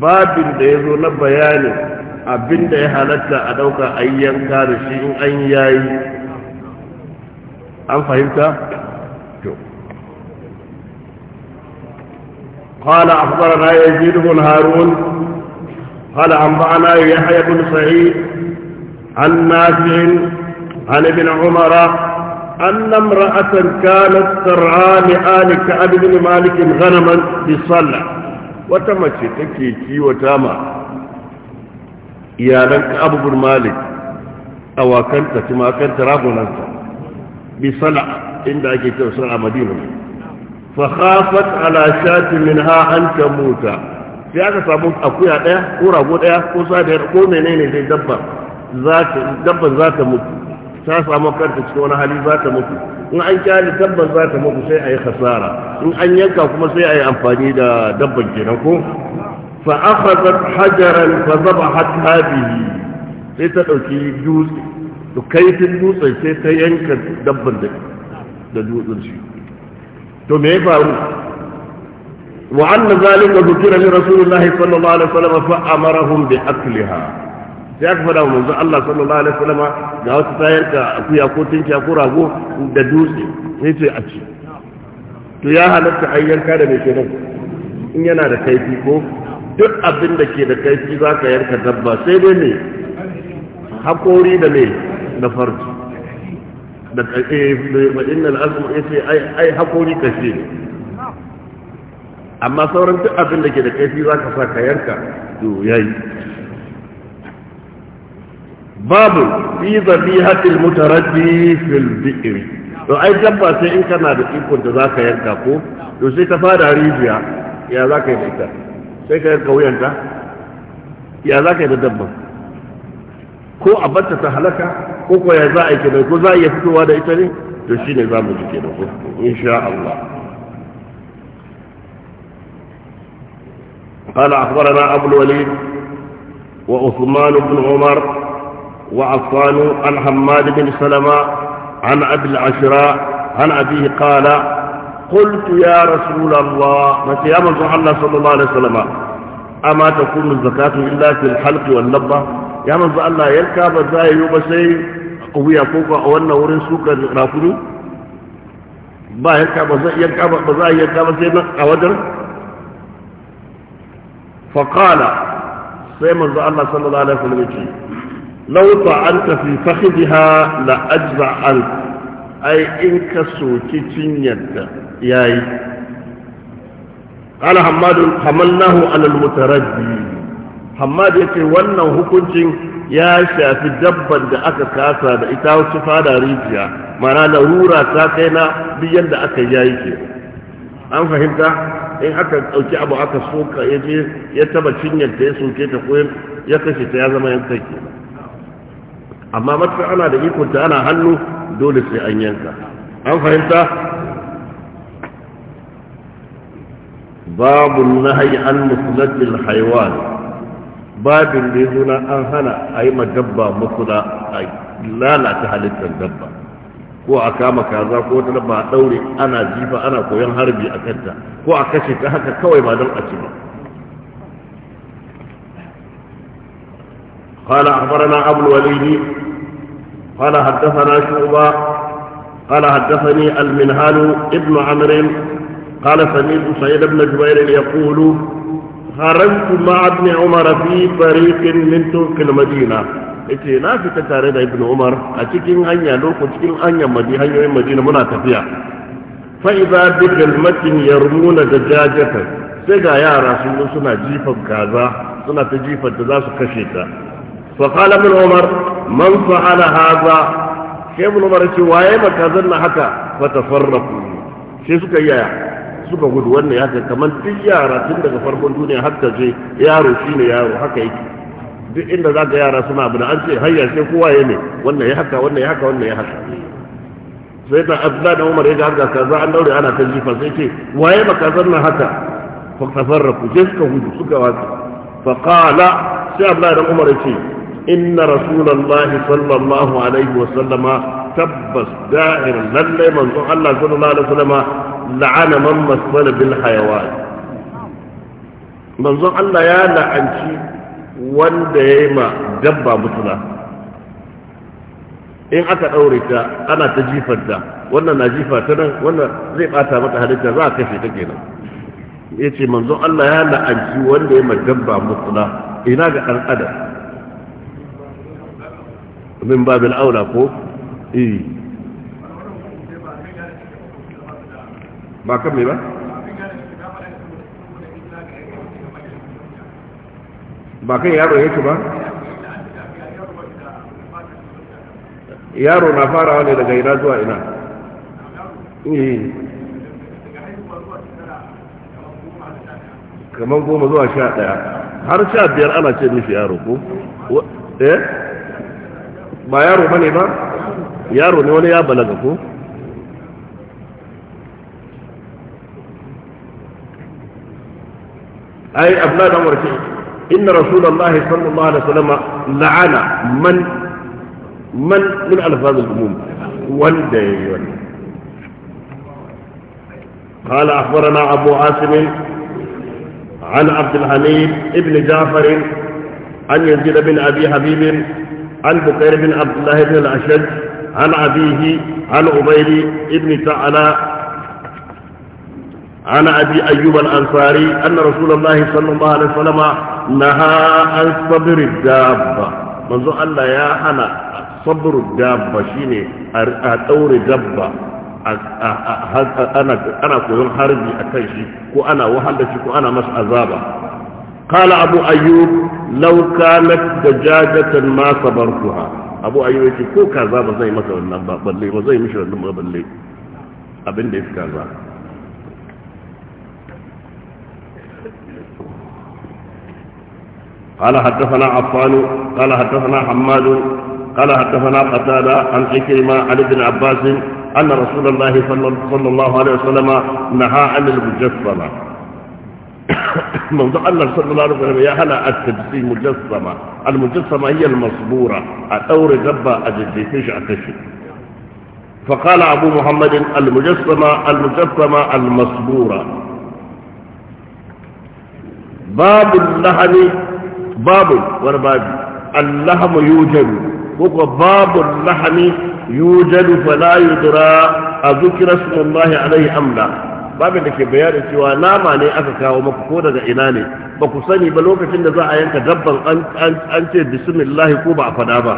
babin da ya zo na bayanin abin da ya halatta a ɗauka ayyanka da shi in an yayi an fahimta? قال أخبرنا يزيد بن هارون قال أنبعنا يحيى بن سعيد عن نافع عن ابن عمر أن امرأة كانت ترعى لآل كعب بن مالك غنما بصلى wata mace take kiwata ma iyalan ka'abubun malik awakanta timakanta ragunanta bi sana'a inda ake cewa sana'a madina fa khafat ala shatin minha an tamuta sai aka samu akuya daya ko rago daya ko sa ko menene dai dabba za ta dabban za ta mutu ta samu kanta cikin wani hali za ta mutu in an kyale tabbas za ta mutu sai a yi khasara in an yanka kuma sai a yi amfani da dabban kenan ko fa akhadhat hajaran fa zabahat hadihi sai ta dauki dutse to kai kaifin dutse sai ta yanka dabban da da dutsen shi to me ya faru wa anna zalika dhukira li rasulillahi sallallahu alaihi wasallam fa amarahum bi akliha sai aka faɗa wa manzo Allah sallallahu alaihi wasallam ga wasu tayar ka akuya ko tinkiya ko rago da dutse sai ce a ci to ya halatta ai yanka da mai kenan in yana da kaifi ko duk abin da ke da kaifi za ka yanka dabba sai dai ne hakori da mai da farji da eh, inna al'azmu yace ai ai hakori kashe ne amma sauran duk abin da ke da kaifi za ka sa ka yanka to yayi babu fi zabihatil mutaraddi fil bi'r to ai dabba sai in kana da ikon da zaka yanka ko to sai ta fara rijiya ya zaka yi da sai ka yanka wuyanta ya zaka yi da dabba ko a batta ta halaka ko ko ya za a yi ko za a iya fitowa da ita ne to shi ne za mu ji kenan ko insha Allah قال أخبرنا أبو الوليد وعثمان بن عمر وعفان عن حماد بن سلمة عن أبي العشراء عن أبيه قال قلت يا رسول الله ما يا الله صلى الله عليه وسلم أما تكون الزكاة إلا في الحلق واللبة يا من منزوح الله يلقى بزاي يوبسي قوية فوق أولنا ورين سوكا رافلو ba ya kaba يلقى ya يلقى ba أودر فقال kaba sai الله صلى الله عليه وسلم لو طعنت في فخذها لأجزع ألف أي إنك سوكي تنيت ياي قال حماد حملناه على المتردي حماد يتي وانا هكونتين ya shafi dabban da aka kasa da ita wasu fada rijiya mana rura ta kai na duk yadda aka yayi ke an fahimta in aka ɗauki abu aka soka ya je ya taba cinyar ta ya soke ta ko ya kashe ta ya zama yankan kenan amma matuƙa ana da ikonta ana hannu dole sai an yanka an fahimta babu hayi an musulatil haiwan babin da ya zo na an hana a yi dabba musula a lalata halittar dabba ko a kama kaza ko wata dabba a ɗaure ana jifa ana koyon harbi a kanta ko a kashe ta haka kawai ba don a ci ba قال أخبرنا أبو الوليد قال حدثنا شعبة قال حدثني المنهال ابن عمرو قال سمعت سعيد بن جبير يقول خرجت مع ابن عمر في طريق من طرق المدينة yace na fita tare da ibn umar a cikin hanya loko cikin hanyar hanyoyin madina muna tafiya fa idza bi kalmatin yarmuna dajajata sai ga yara sun zo suna jifan kaza suna ta jifan da za su kashe ta fa qala min umar man fa'ala haza sai mun mara ce waye maka na haka fa tafarraqu sai suka yaya suka gudu wannan haka kamar duk yara tun daga farkon duniya har ta je yaro shine yaro haka yake duk inda za ka yara suna abu da an ce hayya sai kowa ya ne wannan ya haka wannan ya haka wannan ya haka sai ta abdullahi da umar ya ga haka kaza an daure ana ta jifa sai ce waye maka na haka fa فتصرفوا جسك هدو سكا sai فقال da الله umar ce. inna rasulullahi sallallahu alaihi wasallama tabbas da'ir lallai manzo Allah sallallahu alaihi wasallama la'ana man masbala bil hayawan manzon Allah ya la'anci wanda ya yi ma dabba mutuna in aka daure ta ana ta jifarta wannan na jifa ta nan wannan zai bata mata halitta za a kashe ta kenan yace manzon Allah ya la'anci wanda ya ma dabba mutuna ina ga dan adam min babin aula ko eh ba kan me ba ba kan yaro yake ba yaro na farawa ne daga ina zuwa ina eh. kamar goma zuwa sha daya har sha biyar ana ce mishi yaro ko eh ba yaro bane ba yaro ne wani ya balaga ko ay abla dan warke inna rasulullahi sallallahu alaihi wasallam la'ana man man min alfaz al-umum wanda yayi قال أخبرنا أبو عاصم عن عبد الحميد ابن جعفر عن يزيد بن أبي حبيب عن بكير بن عبد الله بن الأشد عن أبيه عن عبيد بن تعالى عن أبي أيوب الأنصاري أن رسول الله صلى الله عليه وسلم نهى عن صبر الدابة منذ الله يا حنا صبر الدابة شيني أطور دابة أنا أنا harbi a kan shi أنا ana wahal أنا shi ko قال أبو أيوب لو كانت دجاجة ما صبرتها أبو أيوب يقول كو كذا بزي مكة والنبا بلي وزي مش والنبا بلي أبن ديف كذا قال حدثنا عفان قال حدثنا حماد قال حدثنا قتادة عن عكرمة عن ابن عباس أن رسول الله صلى الله عليه وسلم نهى عن المجسمة موضوع الله صلى الله عليه وسلم يا هلا التبسي مجسمة المجسمة هي المصبورة جبا أجدي أجديتش أتشي فقال أبو محمد المجسمة المجسمة المصبورة باب اللحم باب ورباب اللحم يوجد وهو باب اللحم يوجد فلا يدرى أذكر اسم الله عليه أم لا babin da ke bayanin cewa nama ne aka kawo maku ko daga ina ne ba ku sani ba lokacin da za a yanka dabban an ce bismillah ko ba a fada ba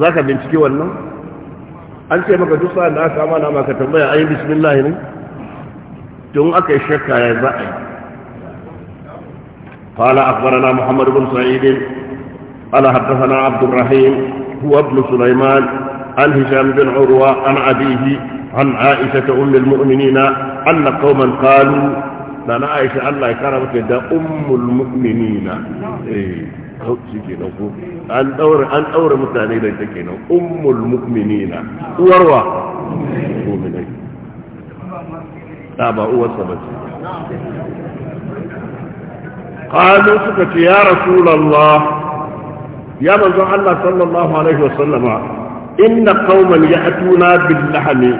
za ka binciki wannan an ce maka duk sa'an da aka kama nama ka tambaya ayi yi bismillah ne tun aka yi shakka ya za a yi قال أخبرنا محمد بن سعيد قال حدثنا عبد الرحيم هو ابن سليمان عن عن عائشة أم المؤمنين أن قوما قالوا لأن عائشة الله يكرمك دا أم المؤمنين إيه، أو أن أور أن أور مثاني لتكينا أم المؤمنين وروى مؤمنين تابع هو سبت قالوا سكت يا رسول الله يا من الله صلى الله عليه وسلم إن قوما يأتون باللحم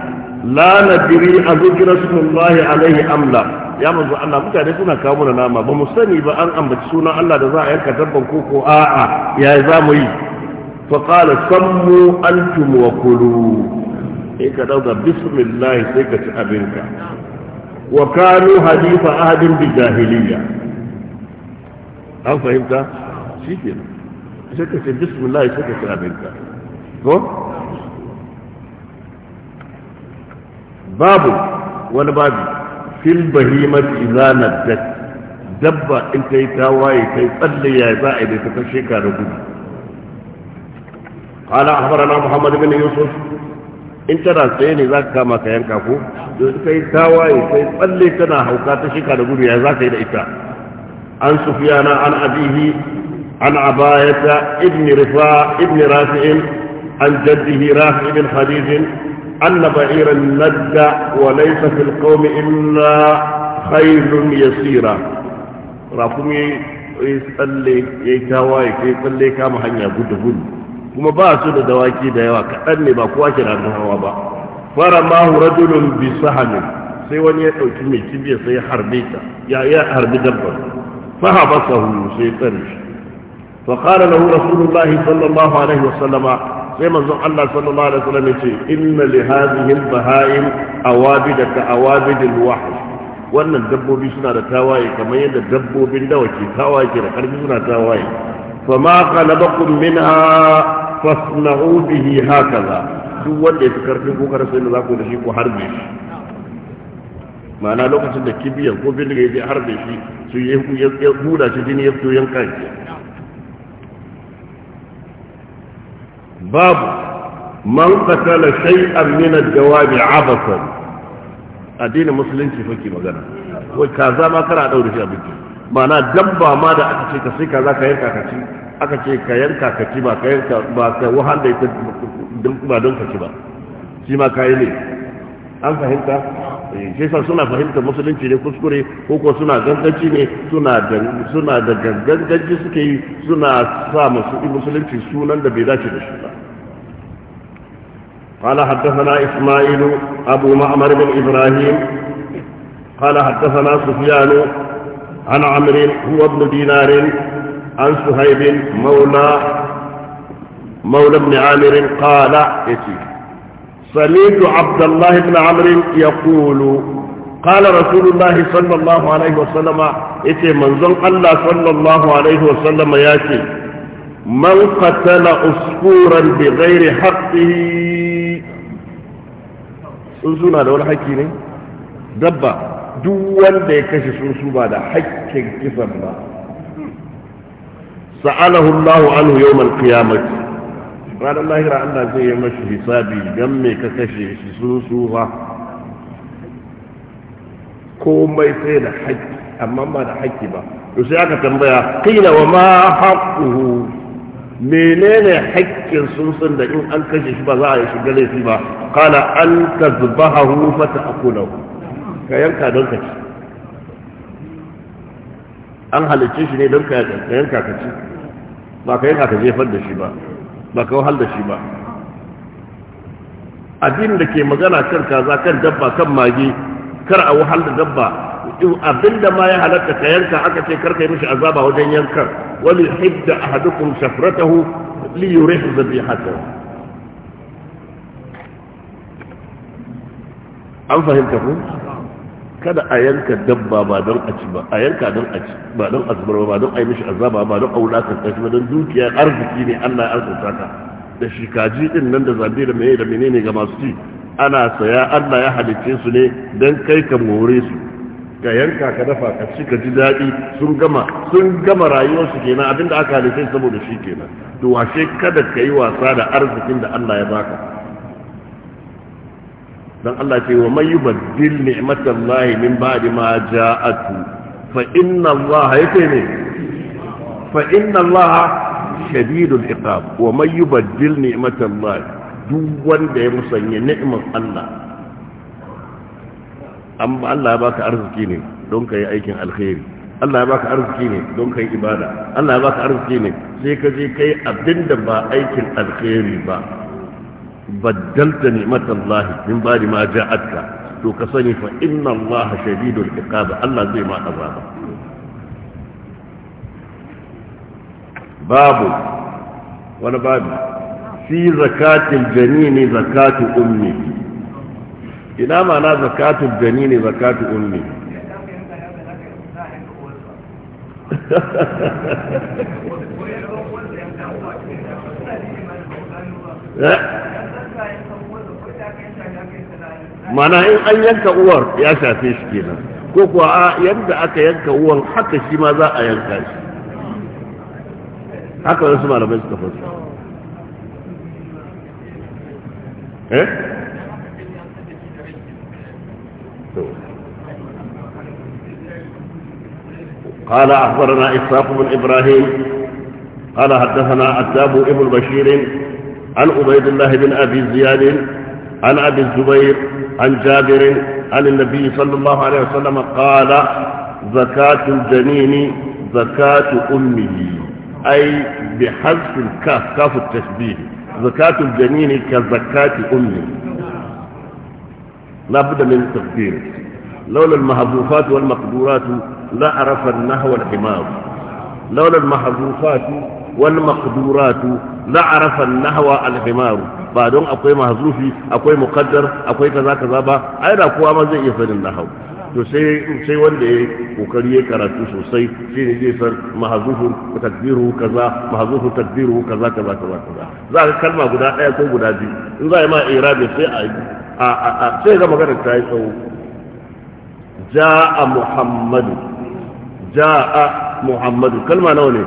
la nadiri a zuki rasulullahi alaihi amla ya manzo Allah mutane suna kawo mana nama ba mu sani ba an ambaci sunan Allah da za a yanka dabban ko a'a ya za mu yi fa qala sammu antum wa kulu sai ka dauka bismillah sai ka ci abinka wa kanu hadifa ahadin bi jahiliya an fahimta shi shikenan sai ka ce bismillah sai ka ci abinka ko باب وني باب في البهيمه اذا ندت دبا انت يتاواي كي تصلي يا زائد تكشيكا رجل قال اخبرنا محمد بن يوسف انت راسيني ذاك كما كان كفو دوت كي تاواي كي تصلي كنا حوكا تشيكا رجل يا زاك الى ايتا عن سفيان عن ابيه عن عباية ابن رفاع ابن رافع عن جده رافع بن خديج أن بعيرا ندى وليس في القوم إلا خير يسيرا رافمي يسألي يتاواي كي لي كام حنيا قدهن كما باسو دواكي دايوا كأني باكواكي رانها وابا فرماه رجل بسهن سيوان يأتو كمي تبيا سي حربيتا يا يا حربي دبر فهبطه سيطرش فقال له رسول الله صلى الله عليه وسلم sai manzon Allah sallallahu alaihi wasallam yace inna li hadhihi al-baha'im awabid ka awabid wahsh wannan dabbobi suna da tawaye kamar yadda dabbobin dawa ke tawaye ke da karfi suna tawaye fama khalabakum minha fasna'u bihi hakaza duk wanda ya fi karfin ko karfin da za ku da shi ko harbe shi ma'ana lokacin da kibiyar ko bindiga ya je harbe shi su ya shi jini ya fito yanka shi babu man qatala shay'an min ad-dawabi abasan addinin musulunci fake magana wai kaza ma kana daure shi abinci mana dabba ma da aka ce ka sai kaza ka yanka ka ci aka ce ka yanka ka ci ba ka yanka ba ka wahal da ita ba don ka ci ba shi ma ka ne an fahimta Eh, shi sa suna fahimtar musulunci ne kuskure ko ko suna ganganci ne suna da suna da ganganci suke yi suna sa musu musulunci sunan da bai dace da shi ba قال حدثنا إسماعيل أبو معمر بن إبراهيم قال حدثنا سفيان عن عمرو هو ابن دينار عن سهيب مولى مولى بن عامر قال يتيك سمعت عبد الله بن عمرو يقول قال رسول الله صلى الله عليه وسلم اتي منزل الله صلى الله عليه وسلم ياتي من قتل أسكورا بغير حقه سنسونا ده ولا حكي ني دبا duk wanda ya kashe sunsu ba da hakkin kisan ba sa'alahu Allahu anhu yawmal qiyamah ranar lahira Allah zai yi mashi hisabi don me ka kashe shi susuwa komai sai da haƙƙi amma ba da haƙƙi ba to sai aka tambaya kila wa ma haqquhu menene haƙƙin sunsun da in an kashe shi ba za a yi shiga laifi ba qala an tazbahahu fa ta'kulahu ka yanka don ka ci an halicce shi ne don ka yanka ka ci ba ka yanka ka jefar da shi ba ba ka wahal da shi ba addinin da ke magana kan kaza kan dabba kan mage kar a wahal da dabba abinda ma ya halatta ka yanka aka ce kar kai mishi azaba wajen yankan wani hibda ahadukum shafratahu li yurih zabihatahu an fahimta ku kada a yanka dabba ba don a ci ba a yanka don a ci ba don a zubar ba don a yi mishi azaba ba don a wulatar kashi ba don dukiya arziki ne Allah ya arzuta ka da shikaji din nan da zabi da mai da menene ga masu ci ana saya Allah ya halicce su ne don kai ka more su ka yanka ka dafa ka ci ka ji daɗi sun gama sun gama su kenan abinda aka halicce saboda shi kenan to washe kada ka yi wasa da arzikin da Allah ya baka dan Allah ce wa may yubaddil ni'matallahi min ba'di ma ja'atu fa inna Allah yake ne fa inna Allah shadidul iqab wa may yubaddil ni'matallahi duk wanda ya musanya ni'mar Allah amma Allah ya baka arziki ne don kai aikin alkhairi Allah ya baka arziki ne don kai ibada Allah ya baka arziki ne sai ka je kai abinda ba aikin alkhairi ba بدلت نعمة الله من بعد ما جاءتك توكسني فإن الله شديد العقاب الله زي ما أذابه باب ولا باب في زكاة الجنين زكاة أمي إلا ما لا زكاة الجنين زكاة أمه Yeah. mana in an yanka uwar ya shafe shi kenan ko kuwa a yadda aka yanka uwan haka shi ma za a yanka shi haka wasu malamai suka fasa eh قال أخبرنا إسحاق بن إبراهيم قال حدثنا عتاب ابن بشير عن عبيد الله بن أبي زياد عن أبي الزبير عن جابر عن النبي صلى الله عليه وسلم قال زكاة الجنين زكاة أمه أي بحذف الكاف كاف التشبيه زكاة الجنين كزكاة أمه لا بد من التقدير لولا المحذوفات والمقدورات لعرف النحو والحمار لولا المحذوفات wal maqduratu la arafa nahwa al himar ba don akwai mahzufi akwai muqaddar akwai kaza kaza ba ai da kowa ma zai iya sanin nahwu to sai sai wanda ya kokari ya karatu sosai shi ne zai san mahzufu takdiru kaza mahzufu takdiru kaza kaza kaza kaza za ka kalma guda daya ko guda biyu in za a yi ma irabi sai a a sai ga magana ta yi tsawo ja'a muhammadu ja'a muhammadu kalma nawa ne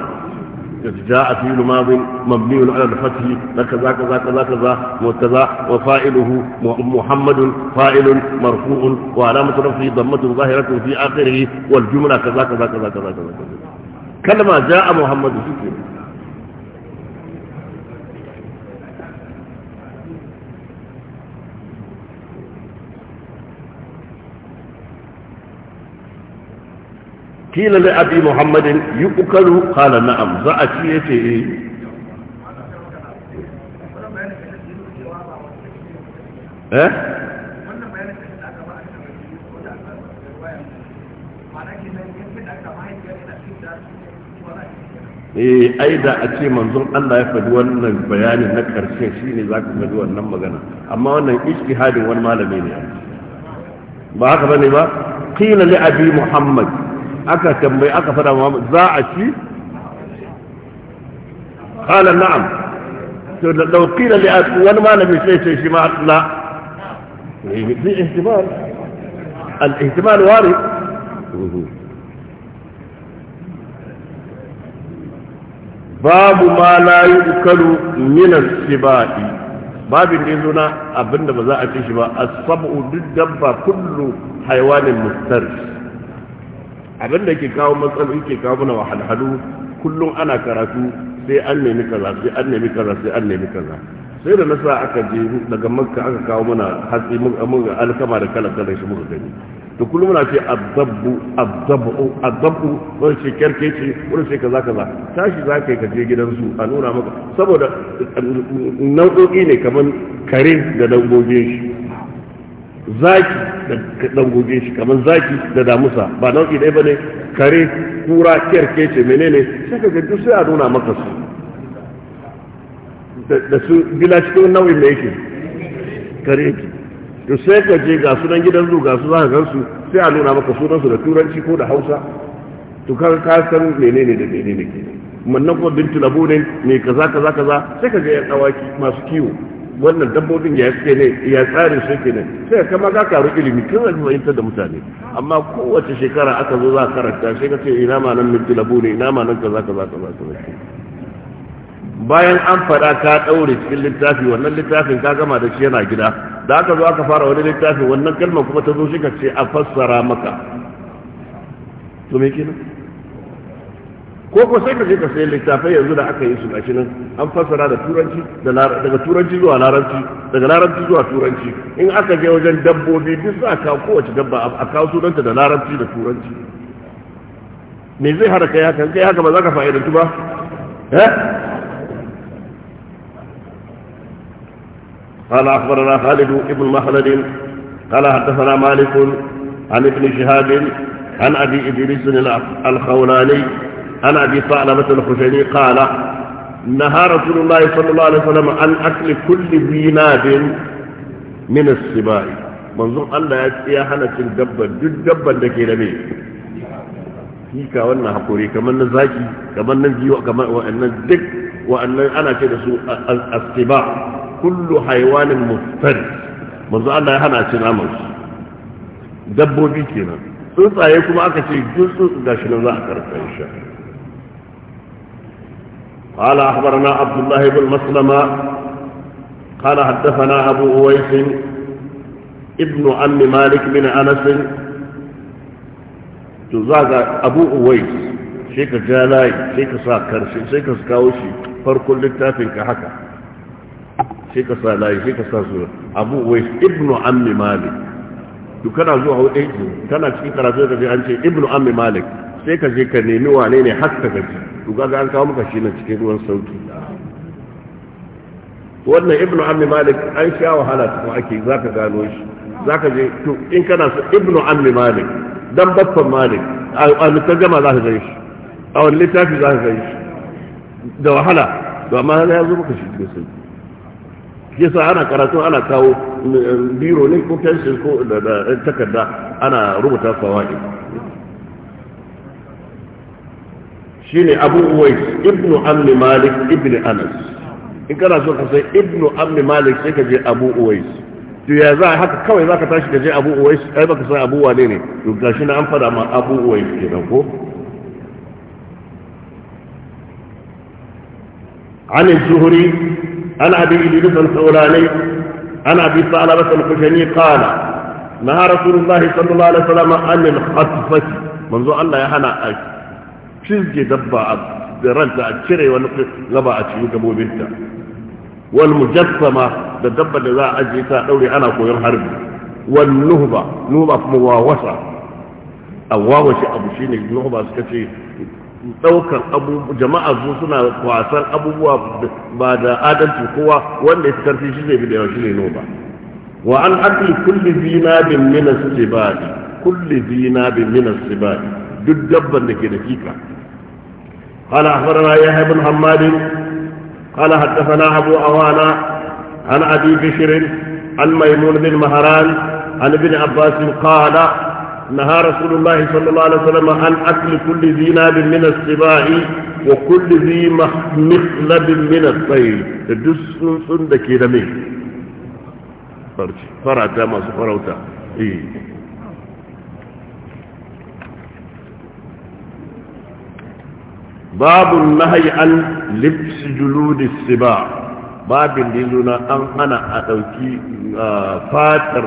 جاء فعل ماض مبني على الفتح كذا كذا كذا كذا وكذا وفاعله محمد فاعل مرفوع وعلامة رفعه ضمة ظاهرة في آخره والجملة كذا كذا كذا كذا كذا كلمة جاء محمد شكرا kila li abi muhammadin yuqalu qala na'am za a ci yace eh eh eh ai da a ce manzon Allah ya faɗi wannan bayanin na ƙarshe shine za ku faɗi wannan magana amma wannan ijtihadin wani malami ne ba haka bane ba qila li abi muhammad aka tambayi aka fada ma za a ci qala na'am to da dauqila li wani malami sai sai shi ma ne bi ihtimal al ihtimal warid babu ma la yukalu min as-sibai babin da yazo na abinda ba za a ci shi ba as-sab'u duk dabba kullu haywanin mustarsh abin da ke kawo matsaloli ke kawo mana wahalhalu kullum ana karatu sai an nemi kaza sai an nemi kaza sai an nemi kaza sai da nasa aka je daga makka aka kawo mana hatsi mun alkama da kala kala shi muka gani to kullum muna ce azabbu azabbu azabbu wani ce kerkeci ko ce kaza kaza tashi za ka yi ka je gidansu a nuna maka saboda eh, eh, nau'o'i ne kamar kare da dangogin shi zaki da dan goge shi kamar zaki da damusa ba nau'i dai bane kare kura kyarke ce menene sai ka duk sai a nuna maka su da su bila cikin nau'in da yake kare yake to sai ka je ga sunan gidan zu ga su za ka gansu sai a nuna maka sunan su da turanci ko da hausa to ka ka san menene da menene ke mannan ko bintu labunin ne kaza kaza kaza sai ka ga yan dawaki masu kiwo wannan dabbobin ya suke ne ya tsarin su ke ne sai kama ka karu ilimi kan alfahimtar da mutane amma kowace shekara aka zo za a karanta sai ka ce ina ma nan minti labu ne ina ma nan kaza kaza kaza kaza bayan an fada ka daure cikin littafi wannan littafin ka gama da shi yana gida da aka zo aka fara wani littafi wannan kalma kuma ta zo shi ka ce a fassara maka to me kenan ko ko sai ka je ka sayi littafai yanzu da aka yi su gashi nan an fassara da turanci daga turanci zuwa larabci daga larabci zuwa turanci in aka je wajen dabbobi duk za ka kowace dabba a kawo sunanta da larabci da turanci me zai hada kai haka kai haka ba za ka fa'idantu ba eh قال أخبرنا خالد بن مخلد قال حدثنا مالك عن ابن شهاب عن أبي إدريس الخولاني عن أبي ثعلبة الخشني قال نهى رسول الله صلى الله عليه وسلم عن أكل كل ذي ناد من السباع منظور الله يا حنة الدب جد دبة دكي لمي فيك وانا حقوري كمان نزاكي كمان نجي وكمان وانا الدك وانا انا كده سوء السباع كل حيوان مفترس منظور الله يا حنة الامر دبو بيكينا كده tsuntsaye kuma aka ce duk tsuntsu gashi nan za قال أخبرنا عبد الله بن مسلمة قال حدثنا أبو أويس ابن عم مالك بن أنس جزاك أبو أويس شيك جالاي شيك ساكر شيك سكاوشي فرق للتافن كحكا شيك سالاي شيك ساسور أبو أويس ابن عم مالك to kana zuwa hudu kana cikin في أنشي ابن عم مالك sai ka je ka nemi wane ne har ka gaji to ga an kawo maka shi na cikin ruwan sauki wannan ibnu ammi malik an sha wahala ko ake zaka gano shi zaka je to in kana so ibnu ammi malik dan baffan malik a za ka gani shi a wani littafi ka gani shi da wahala to amma ya zo maka shi cikin sauki yasa ana karatu ana kawo eh, biro ne ko pencil ko da eh, takarda ana rubuta fawaid shine abu uwais ibnu amni malik ibnu anas in kana so ka sai ibnu amni malik sai ka je abu uwais to ya za haka kawai za ka tashi ka je abu uwais ai baka san abu wane ne to gashi na an fada ma abu uwais kenan ko عن الزهري عن ابي ايوب الحولاني عن ابي ثعلبه الخشني قال نهى رسول الله صلى الله عليه وسلم عن الخطفه منذ الله يهنا cizge dabba a ranta a cire wani gaba a cikin gabobinta wal mujassama da dabba da za a ajiye ta daure ana koyon harbi wal nuhba nuhba kuma wawasa a wawace abu shine nuhba suka ce daukar abubuwa jama'a su suna kwasan abubuwa ba da adalci kowa wanda ya karfi shi zai bi da yawa shi ne nuhba wa an akli kulli zinabin min as-sibati kulli zinabin min as-sibati duk dabban da ke da kika قال أخبرنا يحيى بن حماد قال حدثنا أبو أوانا عن أبي بشر عن ميمون بن مهران عن ابن عباس قال نهى رسول الله صلى الله عليه وسلم عن أكل كل ذي ناب من السباع وكل ذي مخلب من الطير تدس سندكي لمي فرج فرعتا ما سفروتا إيه babu nahayi an lifs juludis siba babin da yazo na an hana a dauki fatar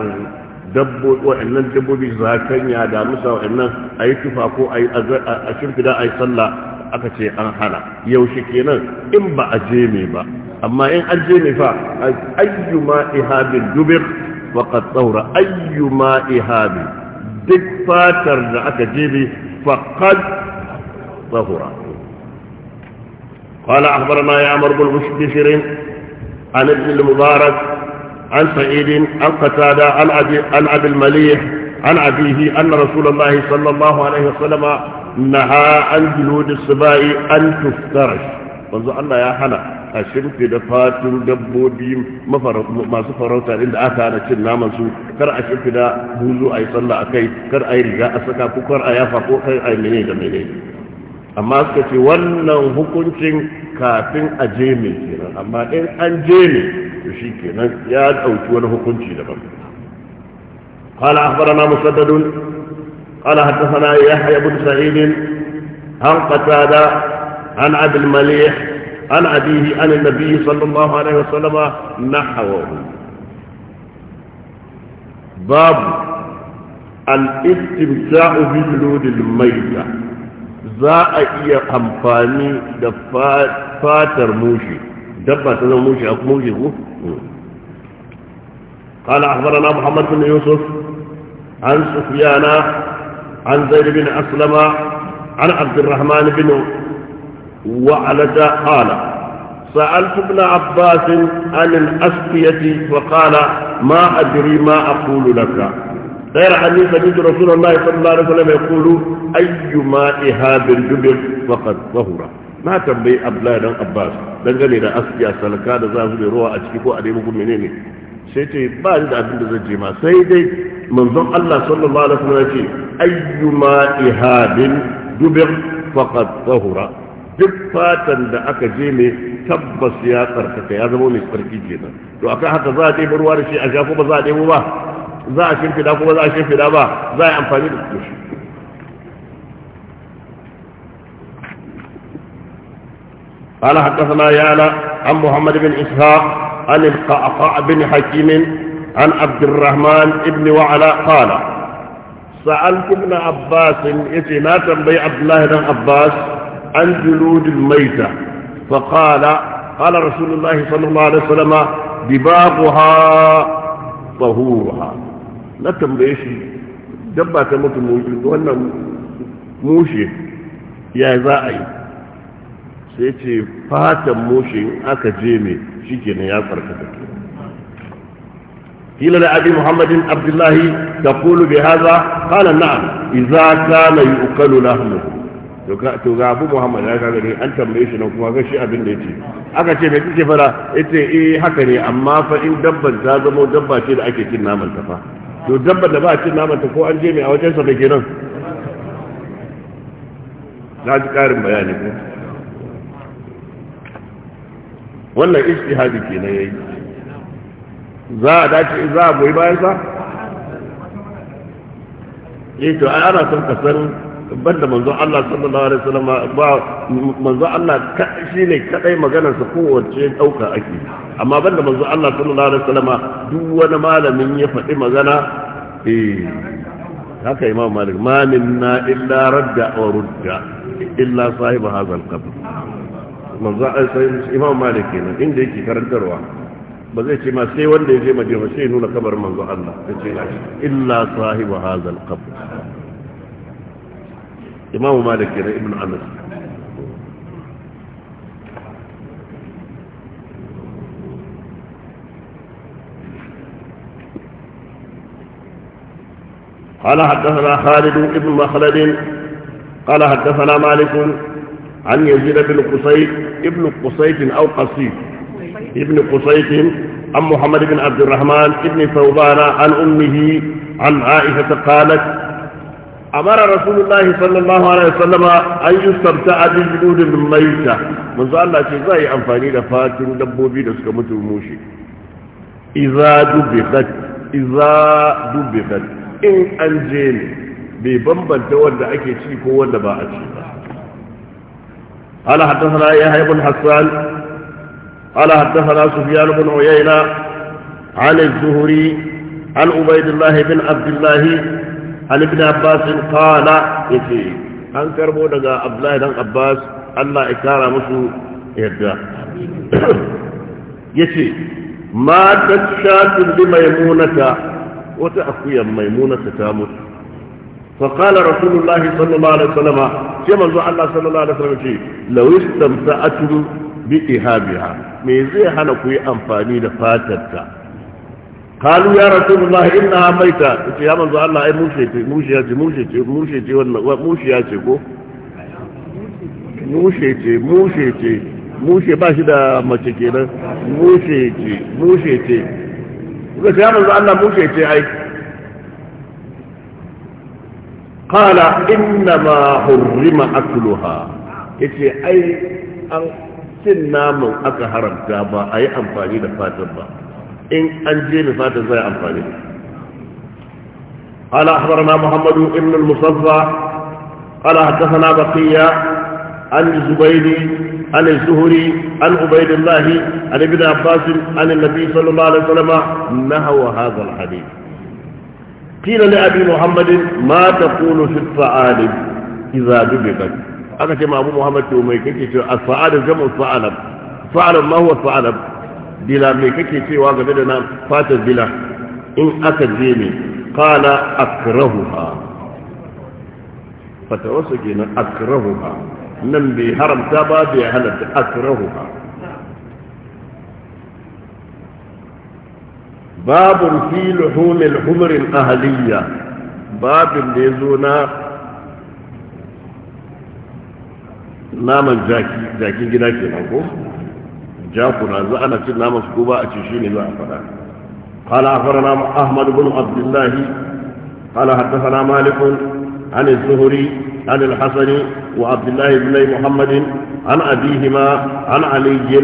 dabbobi wa'annan dabbobi zakanya da musa wa'annan ayi tufa ko ayi a shirfida sallah aka ce an hana yaushe kenan in ba a je ne ba amma in an je ne fa ayyuma ihabin dubir faqad tsaura ayyuma ihabin duk fatar da aka jebe faqad tsahura قال أخبرنا يعمر بن بشر عن ابن المبارك عن سعيد عن قتادة عن أبي, عن أبي المليح عن أبيه أن رسول الله صلى الله عليه وسلم نهى عن جلود السباع أن تفترش manzo Allah ya hana a shirfe da fatun dabbobi masu farauta inda aka hana cin naman su kar a shirfe da buzu a yi sallah a kai kar a yi riga a saka ko kar a yafa ko kar a yi mene da mene amma suka ce wannan hukuncin kafin a je mai kenan amma in an je ne to shi kenan ya ɗauki wani hukunci daban قال أخبرنا مسدد قال حدثنا يحيى بن سعيد عن قتادة عن عبد المليح عن أبيه عن النبي صلى الله عليه وسلم نحوه باب الاستمتاع بجلود الميتة za a iya amfani da fatar mushi dabba ta zama mushi a mushi ko hmm. قال أخبرنا محمد بن يوسف عن سفيان عن زيد بن أسلم عن عبد الرحمن بن وعلة قال سألت ابن عباس عن الأسقية فقال ما أدري ما أقول لك غير أني سمعت رسول الله صلى الله na tambayi abdullahi dan abbas dangane da askiya salaka da za su da ruwa a ciki ko a dai muku menene sai ce ba ni da abin da zan je ma sai dai manzon Allah sallallahu alaihi wasallam ce ayyuma ihadin dubir faqad duk fatan da aka je ne tabbas ya tsarkaka ya zama mai tsarki kenan to akan haka za a ɗebo ruwa da shi a shafo ba za a ɗebo ba za a shimfida kuma za a shimfida ba za a yi amfani da shi قال حدثنا يالا عن محمد بن إسحاق عن القعقاع بن حكيم عن عبد الرحمن بن وعلاء قال سألت ابن عباس إذا لا تنبي عبد الله بن عباس عن جلود الميتة فقال قال رسول الله صلى الله عليه وسلم دباغها طهورها na tambaye shi dabba ta mutu mushi wannan mushe ya za a yi sai ce fatan mushe aka je mai shi na ya kila da Muhammadin قيل لأبي محمد عبد الله تقول بهذا قال نعم yi كان na hannu to ga abu muhammad ya kaga ne an tambaye shi nan kuma ga shi abin da ce, aka ce mai kike fara ita, eh haka ne amma fa in dabban ta zama dabba ce da ake cin naman ta fa to dabbar da ba a cin namanta ko an je mai a wajen sa da kenan na ji karin bayani ko wannan ijtihadi kenan yayi za a dace za a goyi bayan sa eh to ana son ka san banda manzo Allah sallallahu alaihi wasallam ba manzo Allah shine kadai maganar sa kowace dauka ake amma banda manzo Allah sallallahu alaihi wasallam duk wani malamin ya faɗi magana eh haka imam malik ma minna illa radda wa rudda illa sahib hadha al-qabr manzon Allah eh, imam malik kenan inda yake karantarwa ba zai ce ma sai wanda ya je madina sai nuna kabar manzo Allah ya ce illa sahibu hazal qabr إمام مالك يا ابن عمر قال حدثنا خالد بن مخلد قال حدثنا مالك عن يزيد بن قصيد ابن قصيد أو قصيد ابن قصيد عن محمد بن عبد الرحمن ابن ثوبان عن أمه عن عائشة قالت amara rasulullahi sallallahu alaihi wasallam an yusabta abin jududin maita manzo Allah ce za yi amfani da fatin dabbobi da suka mutu mushi iza dubiqat iza dubiqat in an je ne bai bambanta wanda ake ci ko wanda ba a ci ba ala hadathana ya haibul hasan ala hadathana sufyan bin uyayna an zuhri Al-Ubaidullahi bin Abdullahi. an ibn abbas ya ce. an karbo daga abdullahi dan abbas Allah ya kara musu yadda yace ma tashatu bi maimunata wata akuyan maimunata ta mutu فقال رسول الله صلى الله عليه وسلم كما زعل الله صلى الله عليه وسلم لو استمتعتم بإهابها me zai hana kuyi amfani da قالوا يا رسول الله انها ميتة قلت يا من الله اي موشي تي موشي تي موشي تي موشي تي موشي تي تي تي موشي موشي موشي باشي دا ماشي كينا موشي تي موشي تي قلت يا من الله موشي تي اي قال انما حرم أكلها قلت أي أن سنة من أكهرب جابا أي أنفاني دا فاتبا إن أنجيل فاتت زي أمطاني قال أخبرنا محمد بن المصفى قال حدثنا بقية عن الزبير عن الزهري عن عبيد الله عن ابن عباس عن النبي صلى الله عليه وسلم نهو هذا الحديث قيل لأبي محمد ما تقول في الثعالب إذا دبقت أنا كما أبو محمد يوميك كنت الثعالب جمع الثعالب فعل الله الثعالب bila mai kake cewa game da nan fatar bila in aka je ne kala akrahuha fata wasu kenan akrahuha nan bai haramta ba bai halatta akrahuha babun fi luhumil humrin ahaliya babin da ya zo na naman jaki jakin gida ke ko jakuna زعنا كنا مسكوبا naman زعفنا قال أخبرنا أحمد بن عبد الله قال حدثنا مالك عن الزهري عن الحسن وعبد الله بن محمد عن أبيهما عن علي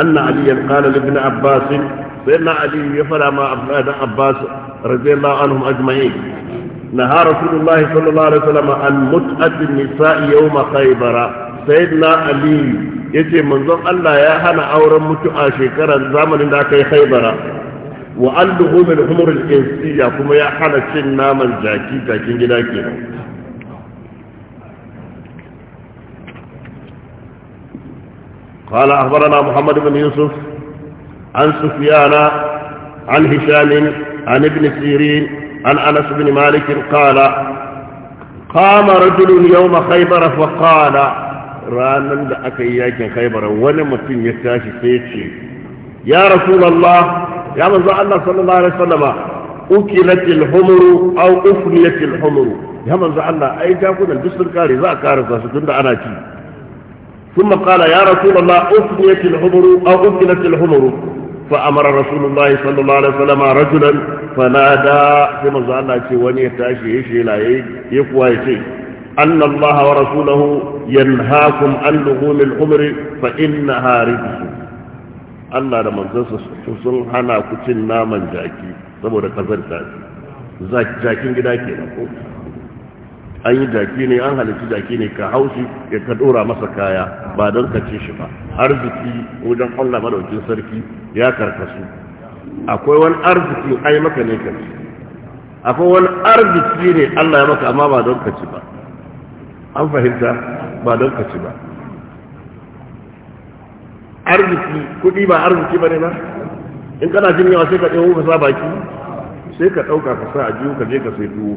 أن علي قال لابن عباس سيدنا علي يفعل مع أبناء عباس رضي الله عنهم أجمعين نهى رسول الله صلى الله عليه وسلم عن متعة النساء يوم خيبر sayyidina ali yace manzon Allah ya hana auren mutu'a shekarar zamanin da aka yi haibara wa alluhu min umur al insiya kuma ya hana cin naman jaki jakin gida ke قال أخبرنا محمد بن يوسف عن سفيان عن هشام عن ابن سيرين عن أنس بن مالك قال قام رجل يوم خيبر فقال ranar da aka yi yakin khaibar wani mutum ya tashi sai ce ya rasulullah ya manzo Allah sallallahu alaihi wasallama ukilatil humru aw ufniyatil humru ya manzo Allah ai jakunan duk sun kare za a kare su tunda ana ci ثم قال يا رسول الله أفنيت الحمر أو أفنت الحمر فأمر رسول الله صلى الله عليه وسلم رجلا فنادى كما زعلنا وني تاشي يشي لا يقوى شيء أن الله ورسوله ينهاكم عن لغوم العمر فإنها رجس Allah da manzansa sun hana ku cin naman jaki saboda kazanta jakin gida ke ko an yi jaki ne an halitta jaki ne ka haushi ya ka dora masa kaya ba don ka ci shi ba arziki wajen Allah madaukin sarki ya karkasu akwai wani arziki ai maka ne ka ci akwai wani arziki ne Allah ya maka amma ba don ka ci ba an fahimta ba don ka ci ba arziki kudi ba arziki ba ne ba in kana jin yawa sai ka ɗauko ka sa baki sai ka ɗauka ka sa a jiyo ka je ka sai tuwo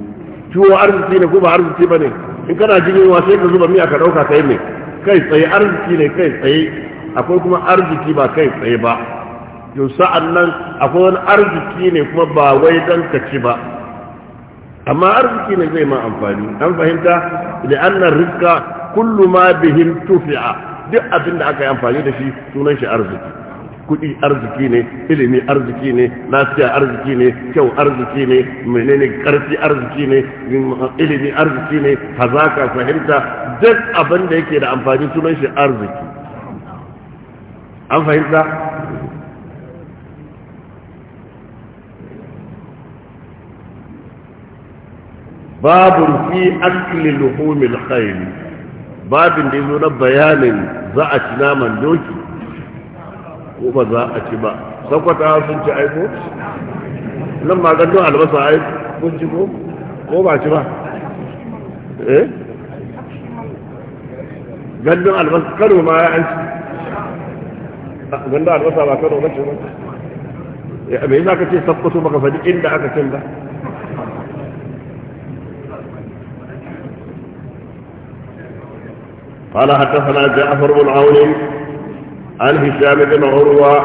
tuwo arziki ne ko ba arziki ba ne in kana jin yawa sai ka zuba miya ka ɗauka ka yi ne kai tsaye arziki ne kai tsaye akwai kuma arziki ba kai tsaye ba yau sa'an nan akwai wani arziki ne kuma ba wai don ka ci ba amma arziki ne zai ma amfani an fahimta da annar rizka kullu ma bihim tufi'a duk abin da aka yi amfani da shi sunan shi arziki kudi arziki ne ilimi arziki ne lafiya arziki ne kyau arziki ne menene karfi arziki ne ilimi arziki ne hazaka fahimta duk abin da yake da amfani sunan shi arziki an fahimta babu fi akli luhumil khayl babin da yazo na bayanin za a ci naman doki ko ba za a ci ba sakwata sun ci aiko nan ma don albasa aiko kun ci ko ko ba ci ba eh gandun albasa kano ma ya an ci ah, gandun albasa ba kano ba ce ba eh, me yasa kace ce sakkwato baka faɗi inda aka cin ba قال حدثنا جعفر بن عون عن هشام بن عروة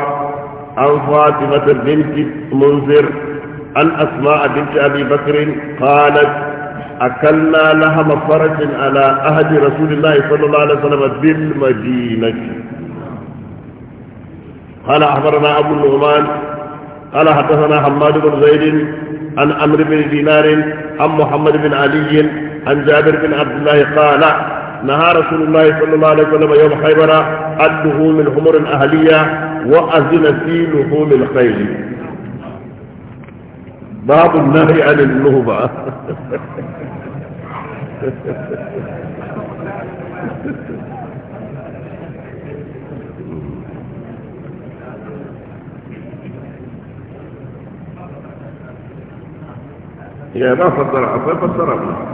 عن فاطمة بنت منذر عن أسماء بنت أبي بكر قالت أكلنا لحم فرس على أهد رسول الله صلى الله عليه وسلم بالمدينة قال أخبرنا أبو النعمان قال حدثنا حماد بن زيد عن عمرو بن دينار عن محمد بن علي عن جابر بن عبد الله قال نهى رسول الله صلى الله عليه وسلم يوم خيبر عن من حمر الأهلية وأذن في لحوم الخيل باب النهي عن النهبة يا ما فسرها فسرها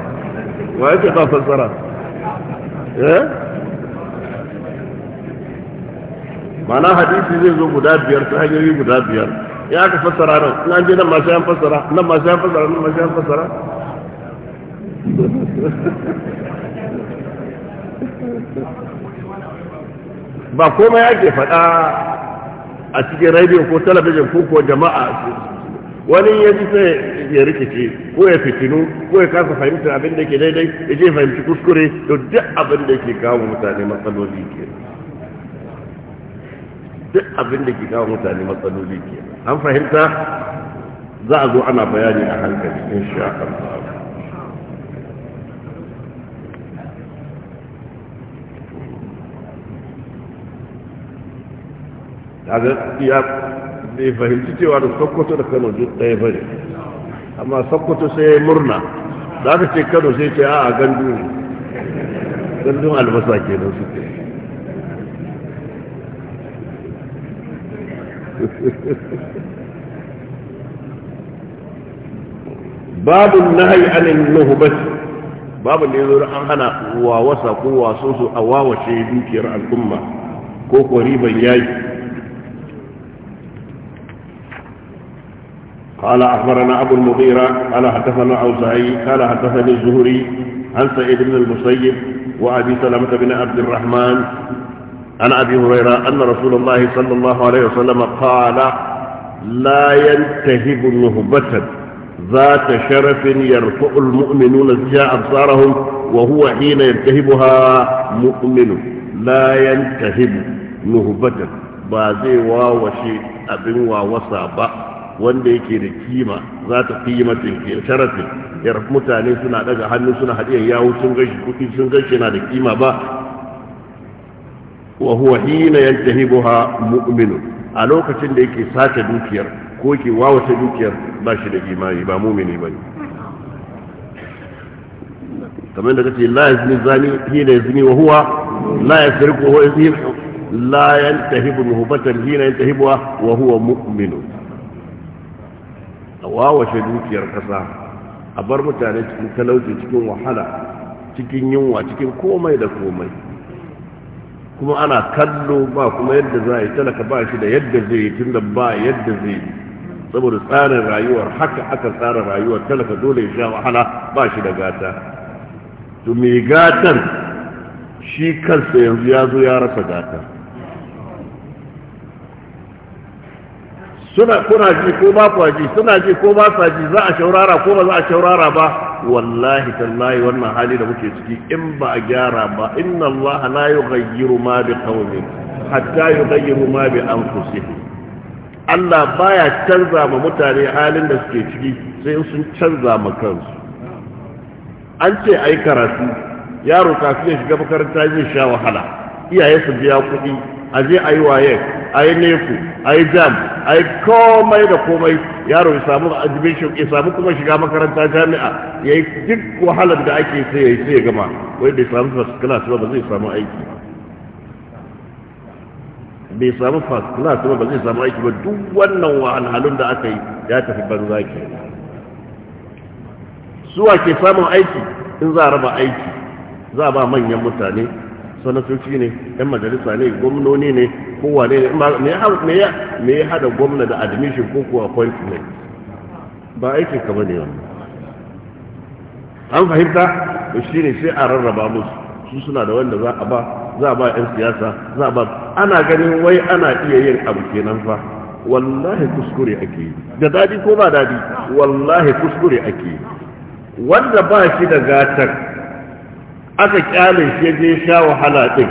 واجي ما فسرها Eh? mana hadisi zai zo guda biyar ta hanyoyi guda biyar ya aka fassara nan na je nan masu yan fassara nan masu yan fassara nan masu yan fassara ba komai ake faɗa a cikin radio ko talabijin ko ko jama'a wani ya ji sai ya rikice ko ya fitinu ko ya kasa fahimta abin da ke daidai ya je fahimci kuskure to duk abin da ke kawo mutane matsaloli ke duk abin da ke kawo mutane matsaloli ke an fahimta za a zo ana bayani a hankali insha Allah kaga ya bai fahimci cewa da sokoto da kano duk ɗaya bane amma sokoto sai ya murna za ka ce kano sai ce a gandu ne gandun albasa ke nan su ce babu nahi anin nuhubat babu ne zo an hana wawasa ko waso su a wawashe dukiyar al'umma ko kwari riban yayi قال أخبرنا أبو المغيرة قال حدثنا أوزعي قال حدثني الزهري عن سعيد بن المسيب وأبي سلمة بن عبد الرحمن عن أبي هريرة أن رسول الله صلى الله عليه وسلم قال لا ينتهب نهبة ذات شرف يرفع المؤمنون بها أبصارهم وهو حين ينتهبها مؤمن لا ينتهب نهبة بازي واوشي أبن واوصى بأ wanda yake da kima za ta kimatin ke sharafin yar mutane suna daga hannu suna haɗe yawo sun gashi kuɗi sun gashi na da kima ba wa huwa hina yantahibuha mu'minu a lokacin da yake sace dukiyar ko yake wawace dukiyar ba shi da imani ba mu'mini bane kamar da kace la yazni zani hina yazni wa huwa la yasriku wa huwa la yantahibu muhbatan hina yantahibuha wa huwa mu'minu wawashe dukiyar ƙasa a bar mutane cikin talauci cikin wahala cikin yunwa cikin komai da komai kuma ana kallo ba kuma yadda za a yi talaka ba shi da yadda zai yi tun da ba yadda zai yi saboda tsarin rayuwar haka aka tsara rayuwar talaka dole ya sha wahala ba shi da gata to mai gatan shi kansa yanzu ya zo ya rasa gata suna kuna ji ko ba ku ji suna ji ko ba sa ji za a shaurara ko ba za a shaurara ba wallahi tallahi wannan hali da muke ciki in ba a gyara ba inna allaha la yughayyiru ma bi qaumin hatta yughayyiru ma bi anfusihim Allah baya canza ma mutane halin da suke ciki sai sun canza ma kansu an ce ai karatu yaro kafin ya shiga makaranta zai sha wahala iyaye su biya kuɗi a je ayi waye a yi nefu a yi jam a yi komai da komai yaro ya samu admission ya samu kuma shiga makaranta jami'a ya yi duk wahalar da ake sai ya yi sai ya gama wai bai samu first class ba ba zai samu aiki bai samu first class ba ba zai samu aiki ba duk wannan wahalhalun da aka yi ya tafi banza ke suwa ke samun aiki in za a raba aiki za a ba manyan mutane sanatoci ne yan majalisa ne gwamnoni ne kowa ne me ya hada gwamna da admission ko kuwa appointment ba aikin ka ne wannan an fahimta shi ne sai a rarraba musu su suna da wanda za a ba za a ba yan siyasa za a ba ana ganin wai ana iya yin abu kenan fa wallahi kuskure ake yi da dadi ko ba dadi wallahi kuskure ake yi wanda ba shi da gatar aka kyale shi je sha wahala din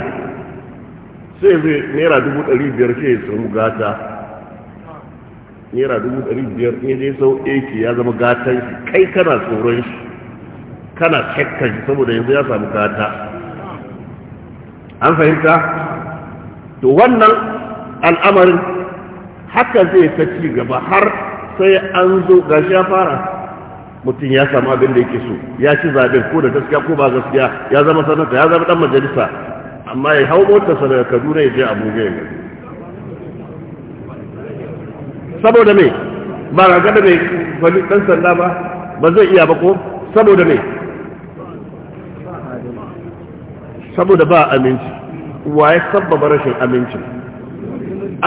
sai zai naira dubu ɗari biyar sai ya samu gata naira dubu ɗari biyar ne zai sau aiki ya zama gatan shi kai kana tsoron shi kana shakkan shi saboda yanzu ya samu gata an fahimta to wannan al'amarin haka zai ta ci gaba har sai an zo gashi ya fara mutum ya samu abin da yake so ya ci zaben ko da gaskiya ko ba gaskiya ya zama sanata ya zama dan majalisa amma ya hau motarsa daga kaduna ya je abuja ya saboda me ba ga gada mai wani dan sanda ba ba zai iya ba ko saboda me saboda ba aminci waye sabbaba rashin aminci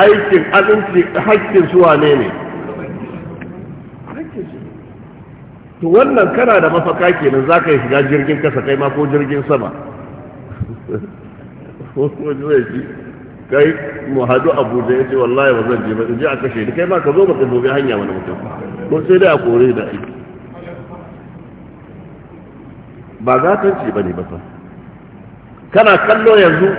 aikin aminci hakkin suwa ne ne to wannan kana da mafaka kenan za ka yi shiga jirgin kasa kai ma ko jirgin sama kai mu hadu abuja ya ce wallahi ba zan je ba in je a kashe ni kai ma ka zo baka zo bi hanya wani mutum ko sai dai a kore da ai ba za ta ce ba ne ba kana kallo yanzu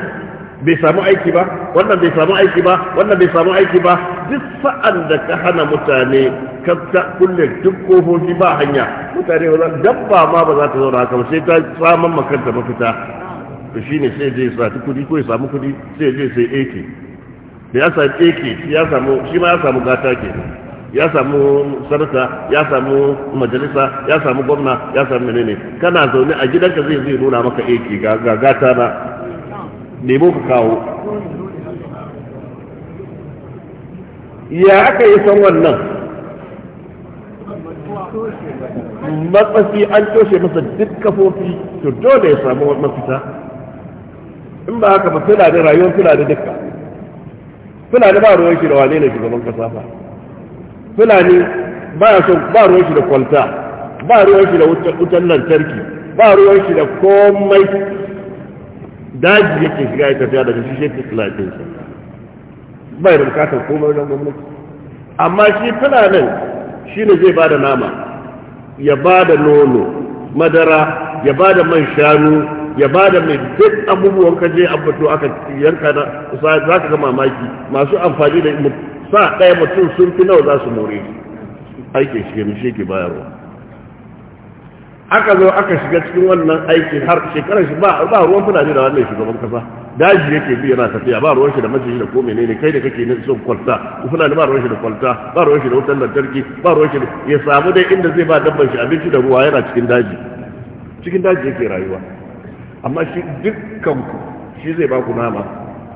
bai samu aiki ba wannan bai samu aiki ba wannan bai samu aiki ba duk sa'an da ka hana mutane ka kulle duk kofofi ba hanya mutane ba dabba ma ba za ta zauna haka ba sai ta saman makanta mafita to shine sai je sa ta kudi ko ya samu kudi sai je sai ake da ya samu ake ya samu shi ma ya samu gata ke ya samu sarka ya samu majalisa ya samu gwamna ya samu menene kana zaune a gidanka zai zai nuna maka aiki ga gata na nemo ka kawo ya aka yi san wannan matsafi an toshe masa duk kafofi to dole ya samu mafita in ba haka ba suna da rayuwar suna da dukka suna da ba ruwan shi da wane ne shugaban kasa ba suna ne ba ruwan shi da kwalta ba ruwan shi da wutan lantarki ba ruwan shi da komai daji yake shiga ya tafiya daga shi shi ke bai da bukatar komai don gwamnati amma shi tana nan, shi ne zai bada nama ya bada nono madara ya bada man shanu ya bada mai duk abubuwan ka je abato aka yanka na za ka ga mamaki masu amfani da sa ɗaya mutum sun fi nawa za su more aikin shi ne shi ke bayarwa aka zo aka shiga cikin wannan aikin har shekarar shi ba ruwan fulani da wannan shugaban kasa daji yake bi yana tafiya ba ruwan shi da masjidi da ko menene kai da kake nan son kwalta kufuna ba ruwan shi da kwalta ba ruwan shi da wutar lantarki ba ruwan shi ya samu dai inda zai ba dabban shi abinci da ruwa yana cikin daji cikin daji yake rayuwa amma shi dukkan ku shi zai ba ku nama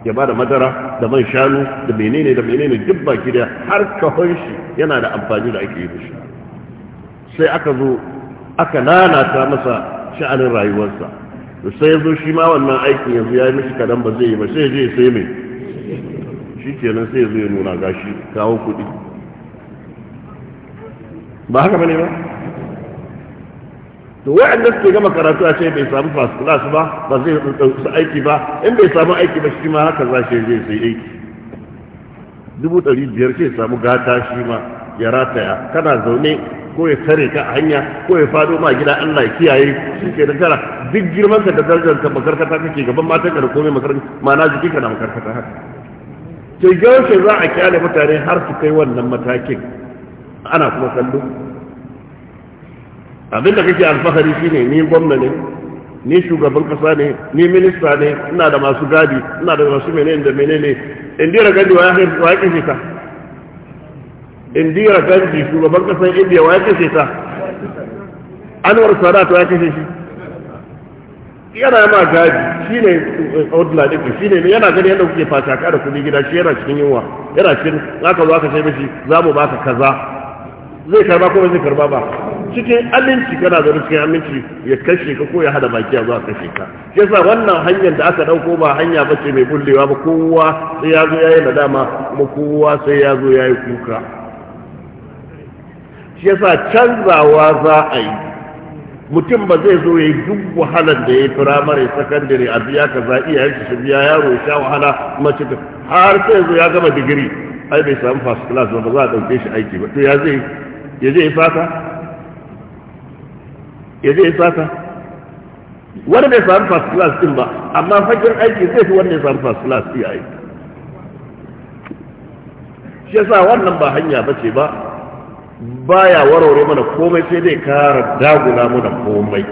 ya ba da madara da man shanu da menene da menene duk baki da har kahon shi yana da amfani da ake yi da shi sai aka zo aka lalata masa sha'anin rayuwarsa da sai zo shi ma wannan aikin yanzu ya yi mishi kadan ba zai yi ba sai zai sai mai shi kenan sai zai nuna gashi kawo kuɗi ba haka bane ba to wai an suke gama karatu a ce bai samu first class ba ba zai ɗauki aiki ba in bai samu aiki ba shi ma haka za shi zai sai aiki dubu ɗari biyar sai samu gata shi ma ya rataya kana zaune ko ya tare ka a hanya ko ya fado ma gida Allah ya kiyaye shi ke da tara duk girman ka da darajar ka makarkata kake gaban matan ka da komai makarkata ma'ana jiki ka na makarkata haka to yaushe za a kyale mutane har su kai wannan matakin ana kuma kallo abin da kake alfahari shine ni gwamna ne ni shugaban kasa ne ni minista ne ina da masu gadi ina da masu menene da menene indira gadi wa ya kai wa ya indira ganji shugaban kasar indiya wa ya kashe ta anwar sadat wa ya kashe shi yana ma gaji shi ne odla eh, ɗin shi ne yana gani yadda kuke fataka da kuɗi gida shi yana cikin yunwa yana cikin za ka zo aka sai mashi za mu baka kaza zai karba ko zai karba ba cikin aminci kana da cikin aminci ya kashe ka ko ya hada baki a zuwa kashe ka shi yasa wannan hanyar da aka dauko ba hanya ba ce mai bullewa ba kowa sai ya zo ya yi nadama kuma kowa sai ya zo ya yi kuka shi yasa canzawa za a yi mutum ba zai zo ya yi duk wahalar da ya yi firamare sakandare a biya ka za iya yanki shi biya yaro ya sha wahala mace har sai zo ya gama digiri ai bai samu first class ba za a ɗauke shi aiki ba to ya zai ya zai yi fata ya zai yi fata wanda bai samu first class din ba amma fagen aiki zai fi wanda ya samu first class iya aiki shi yasa wannan ba hanya ba ce ba baya warware mana komai sai dai kara dagula mana komai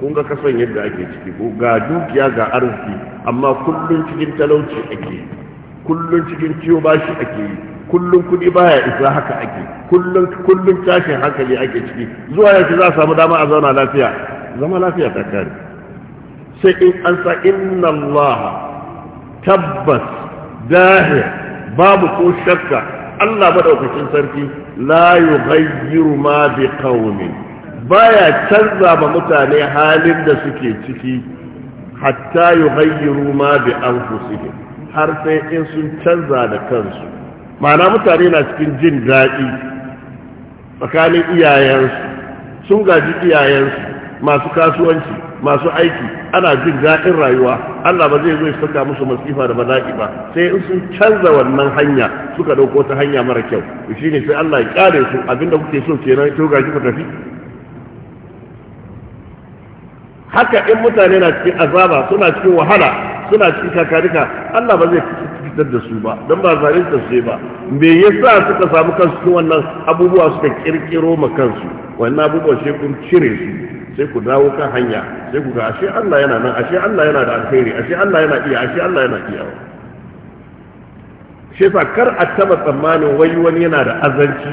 kun ga kasan yadda ake ciki ko ga dukiya ga arziki amma kullun cikin talauci ake kullun cikin ciwo bashi ake yi kullun kudi baya isa haka ake kullun kullun tashin hankali ake ciki zuwa yanzu za a samu dama a zauna lafiya zama lafiya ta kare sai in an sa inna Allaha, tabbas dahir babu ko shakka Allah madaukakin sarki la yughayyiru ma bi qaumin baya canza ma mutane halin da suke ciki hatta yughayyiru ma bi anfusihim har sai in sun canza da kansu ma'ana mutane na cikin jin daɗi tsakanin iyayensu sun gaji iyayensu masu kasuwanci masu aiki ana jin daɗin rayuwa Allah ba zai zo ya saka musu masifa da bala'i ba sai in sun canza wannan hanya suka ɗauko ta hanya mara kyau to shine sai Allah ya kare su abinda kuke so kenan to ga kika tafi haka in mutane na cikin azaba suna cikin wahala suna cikin kakarika Allah ba zai fitar da su ba don ba ta su ba me yasa suka samu kansu cikin wannan abubuwa suka kirkiro ma kansu wannan abubuwa sai kun cire su sai ku dawo kan hanya sai ku ga ashe Allah yana nan ashe Allah yana da alkhairi ashe Allah yana iya ashe Allah yana iya shi yasa kar a taba tsammanin wai wani yana da azanci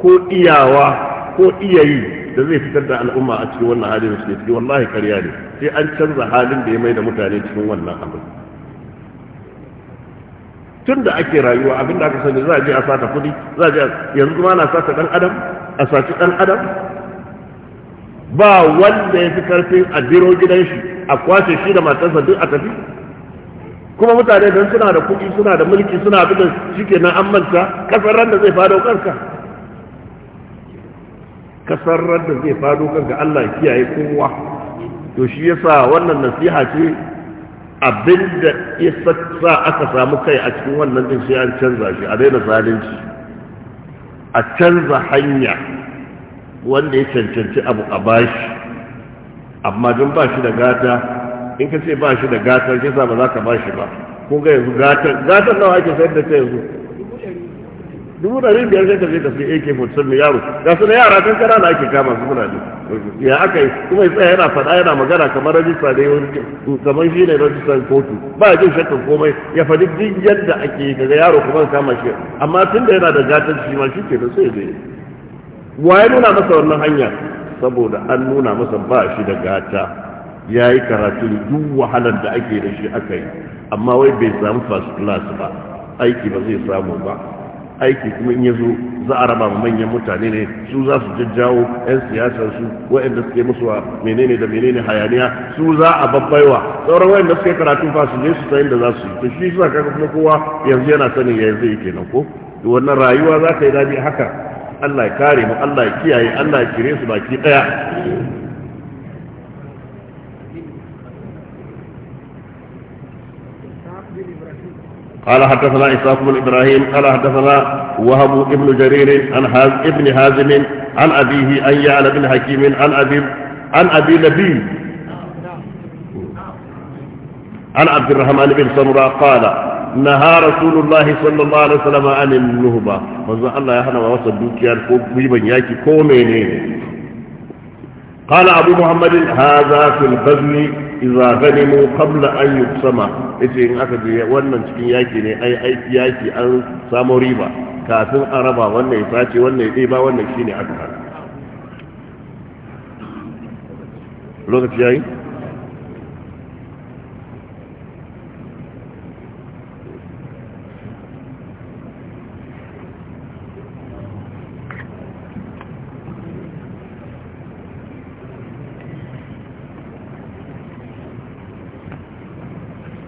ko iyawa ko iyayi da zai fitar da al'umma a cikin wannan halin da suke ciki wallahi karya ne sai an canza halin da ya mai da mutane cikin wannan abin tun da ake rayuwa abin da aka sani za a je a sata kudi za a je yanzu kuma ana sata dan adam a saci dan adam ba wanda ya fi karfin a biro gidan shi a kwace shi da matarsa duk a tafi kuma mutane don suna da kuɗi suna da mulki suna abin da shi ke nan an manta kasar ran da zai fado kanka kasar ran da zai fado kanka Allah ya kiyaye kowa to shi yasa wannan nasiha ce abin da ya sa aka samu kai a cikin wannan din sai an canza shi a daina zalunci a canza hanya wanda ya cancanci abu a bashi amma don ba shi da gata in ka ce ba shi da gata shi ba za ka ba shi ba ko ga yanzu gata gata nawa ake sayar da ta yanzu dubu ɗari biyar sai ka je ka sai AK 47 yaro ga su na yara kan kana da ake kama su muna da ya aka yi kuma ya tsaya yana faɗa yana magana kamar rajista da yawon kamar shi ne rajistan kotu ba ya jin shakkan komai ya faɗi duk yadda ake yi kaga yaro kuma kama shi amma tun da yana da gatan shi ma shi ke da sai zai waye nuna masa wannan hanya saboda an nuna masa ba shi da gata ya yi karatu duk wahalar da ake da shi aka yi amma wai bai samu first class ba aiki ba zai samu ba aiki kuma in ya za a raba manyan mutane ne su za su jajjawo 'yan siyasar su waɗanda suke musu wa menene da menene hayaniya su za a babbaiwa sauran waɗanda suke karatu fa su je su sayin da za su yi to shi suna ka kuma kowa yanzu yana sanin ya zai kenan ko to wannan rayuwa za ta yi daɗi haka Allah ya kare mu Allah ya kiyaye Allah ya kire su baki daya قال حدثنا إسحاق بن إبراهيم قال حدثنا وهب بن جرير عن ابن حازم عن أبيه اي يعلى بن حكيم عن أبي عن أبي نبي عن عبد الرحمن بن سمرة قال نهى رسول الله صلى الله عليه وسلم عن النهبة وزن الله يحنى ووصل دوكيار كوبيبا ياكي كومينين قال أبو محمد هذا في البذل gani mu kabla an ya ce in aka je wannan cikin yaki ne ai aiki yaki an samu riba kafin a raba wannan ya sace wannan ya ba wannan shine aka lokaci yayi